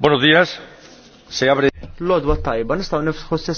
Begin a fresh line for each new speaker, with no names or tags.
Buenos días. Se abre. Lodwa tajba, nistaw